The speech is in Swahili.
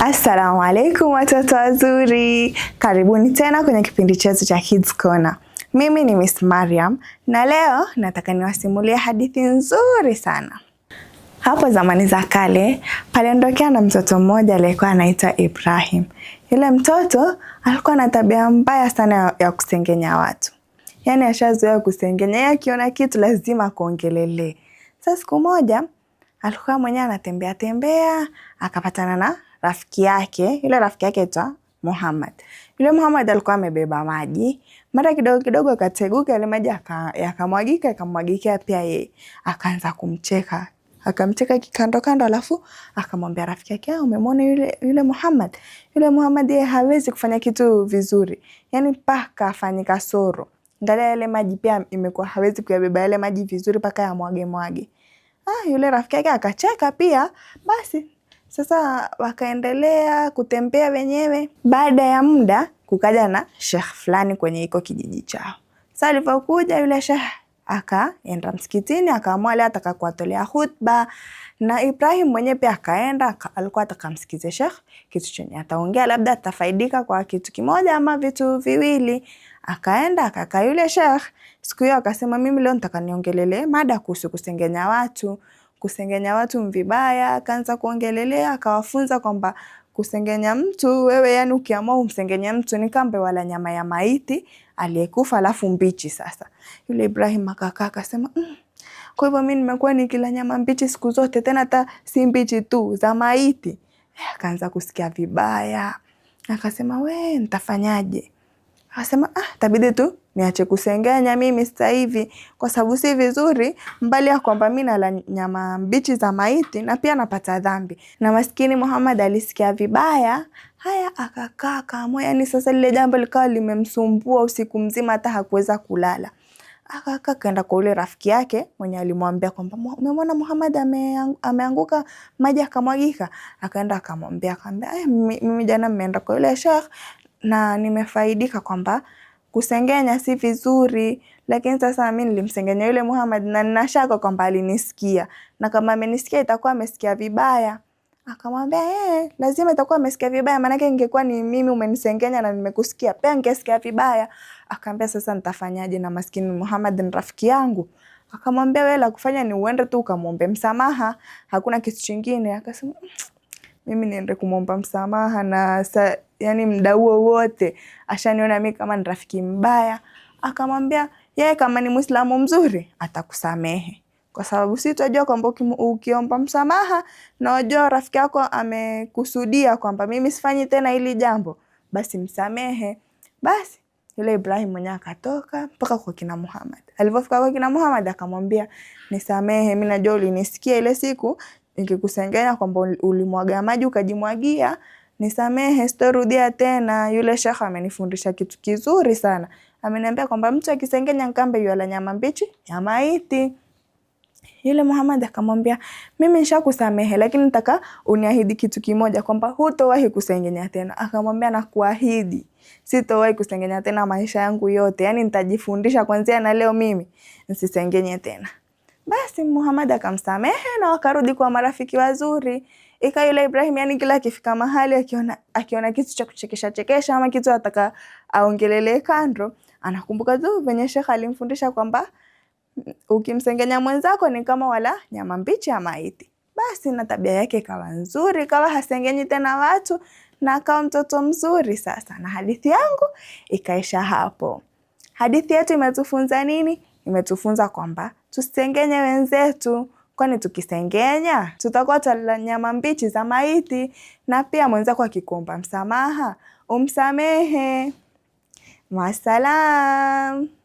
Assalamu alaikum watoto wazuri, karibuni tena kwenye kipindi chetu cha Kids Corner. Mimi ni Miss Mariam na leo nataka niwasimulie hadithi nzuri sana. Hapo zamani za kale paliondokea na mtoto mmoja aliyekuwa anaitwa Ibrahim. Yule mtoto alikuwa na tabia mbaya sana ya kusengenya watu, yaani ashazoea kusengenya, yeye akiona kitu lazima akuongelelee. Sasa siku moja alikuwa mwenyewe anatembea tembea akapatana na rafiki yake, yule rafiki yake aitwa Muhammad. Yule Muhammad alikuwa amebeba maji, mara kidogo kidogo akateguka, yale maji yakamwagika, yakamwagikia pia yeye. Akaanza kumcheka, akamcheka kikando kando, alafu akamwambia rafiki yake, ah, umemwona yule yule Muhammad? Yule Muhammad yeye hawezi kufanya kitu vizuri, yani mpaka afanye kasoro. Angalia yale maji pia, imekuwa hawezi kuyabeba yale maji vizuri, mpaka yamwage mwage. Ah, yule rafiki yake akacheka pia, basi sasa wakaendelea kutembea wenyewe. Baada ya muda, kukaja na shekh fulani kwenye iko kijiji chao. Sasa alipokuja yule shekh akaenda msikitini, akaamua leo ataka kuwatolea hutba, na Ibrahim mwenyewe pia akaenda, alikuwa atakamsikize shekh kitu chenye ataongea, labda atafaidika kwa kitu kimoja ama vitu viwili. Akaenda akakaa yule shekh. Siku hiyo akasema, mimi leo nitakaniongelele mada kuhusu kusengenya watu kusengenya watu vibaya, akaanza kuongelelea akawafunza kwamba kusengenya mtu wewe, yani ukiamua umsengenye mtu ni kambe wala nyama ya maiti aliyekufa alafu mbichi. Sasa yule Ibrahim akakaa akasema, mm, kwa hivyo mi nimekuwa nikila nyama mbichi siku zote, tena hata si mbichi tu za maiti. Eh, akaanza kusikia vibaya, akasema we, ntafanyaje? Akasema ah, tabidi tu niache kusengenya mimi sasa hivi, kwa sababu si vizuri, mbali ya kwamba mi nala nyama mbichi za maiti na pia napata dhambi. Na maskini Muhammad alisikia vibaya haya, akakaa kaamua, yani sasa lile jambo likawa limemsumbua usiku mzima, hata hakuweza kulala. Akaka kaenda kwa ule rafiki yake mwenye alimwambia kwamba umemwona Muhammad ameanguka maji akamwagika. Akaenda akamwambia, akamwambia eh, mimi jana mmeenda kwa yule shekh na nimefaidika kwamba kusengenya si vizuri, lakini sasa mimi nilimsengenya yule Muhammad na ninashaka kwamba alinisikia, na kama amenisikia itakuwa amesikia vibaya. Akamwambia eh, lazima itakuwa amesikia vibaya, maanake ingekuwa ni mimi umenisengenya na nimekusikia pia ningesikia vibaya. Akaambia sasa nitafanyaje? Na maskini Muhammad ni rafiki yangu. Akamwambia wewe la kufanya ni uende tu ukamwombe msamaha, hakuna kitu chingine. Akasema mm, mimi niende kumwomba msamaha na sa, yani mda huo wote ashaniona mi kama ni rafiki mbaya, akamwambia yeye kama ni Mwislamu mzuri atakusamehe kwa sababu si tunajua kwamba ukiomba msamaha na wajua rafiki yako amekusudia kwamba mimi sifanyi tena hili jambo, basi msamehe. Basi yule Ibrahim mwenyewe akatoka mpaka kwa kina Muhammad. Alivyofika kwa kina Muhammad akamwambia, nisamehe, mimi najua ulinisikia ile siku nikikusengenya kwamba ulimwaga maji ukajimwagia, nisamehe, sitorudia tena. Yule shekhe amenifundisha kitu kizuri sana, ameniambia kwamba mtu akisengenya nkambe yuala nyama mbichi ya maiti. Yule Muhammad akamwambia, mimi nishakusamehe, lakini nataka uniahidi kitu kimoja, kwamba hutowahi kusengenya tena. Akamwambia, nakuahidi sitowahi kusengenya tena maisha yangu yote, yani nitajifundisha kwanzia na leo mimi nsisengenye tena. Basi Muhammad akamsamehe na wakarudi kuwa marafiki wazuri. Ika yule Ibrahim, yani kila akifika mahali akiona, akiona kitu cha kuchekesha chekesha ama kitu ataka aongelele kando, anakumbuka tu venye Sheikh alimfundisha kwamba ukimsengenya mwenzako ni kama wala nyama mbichi ya maiti. Basi na tabia yake ikawa nzuri, ikawa hasengenyi tena watu na akawa mtoto mzuri. Sasa na hadithi yangu ikaisha hapo. Hadithi yetu imetufunza nini? Imetufunza kwamba tusengenye wenzetu, kwani tukisengenya tutakuwa tala nyama mbichi za maiti, na pia mwenzako akikuomba msamaha umsamehe. Masalam.